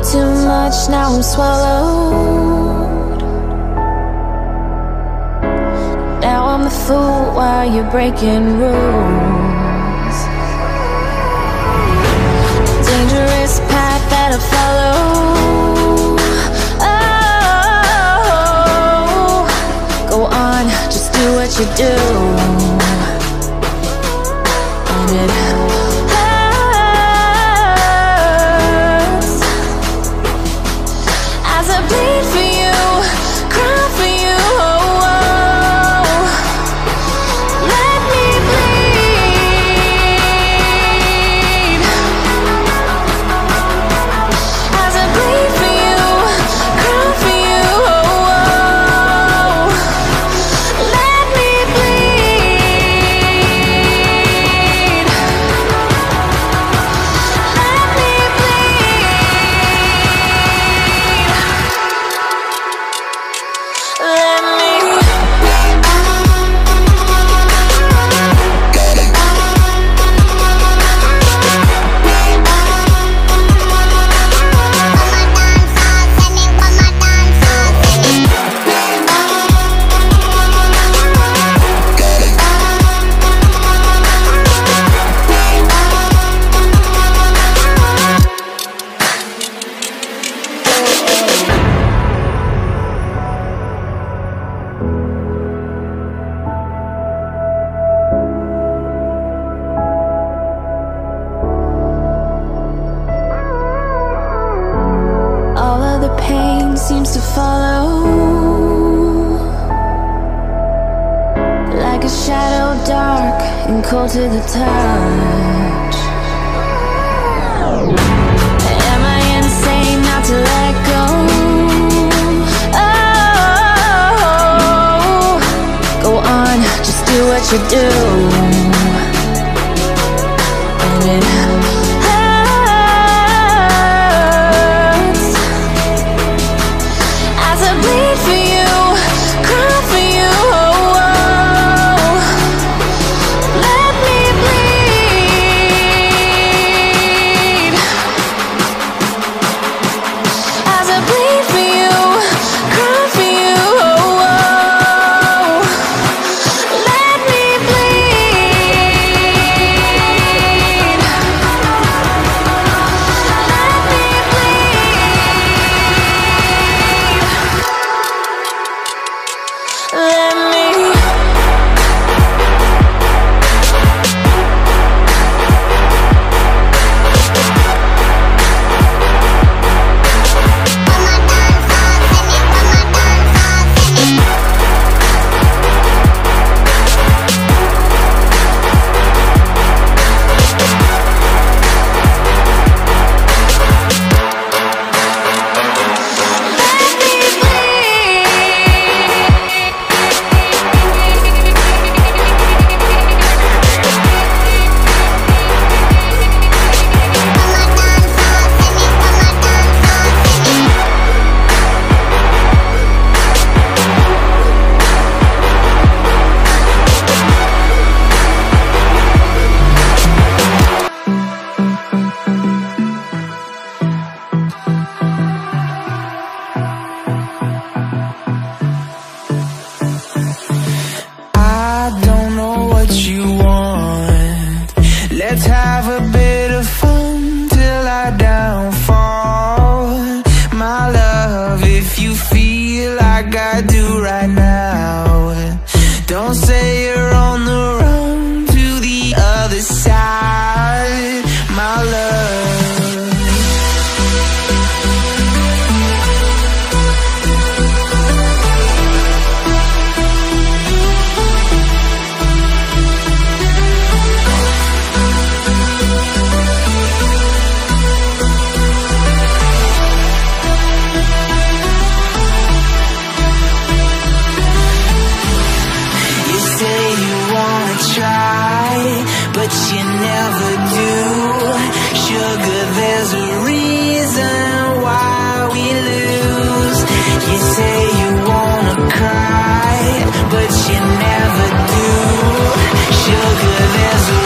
too much, now I'm swallowed Now I'm the fool while you're breaking rules Dangerous path that I follow Oh, go on, just do what you do the seems to follow Like a shadow dark and cold to the touch Am I insane not to let go? Oh, go on, just do what you do love if you feel like I do right now you wanna try, but you never do. Sugar, there's a reason why we lose. You say you wanna cry, but you never do. Sugar, there's a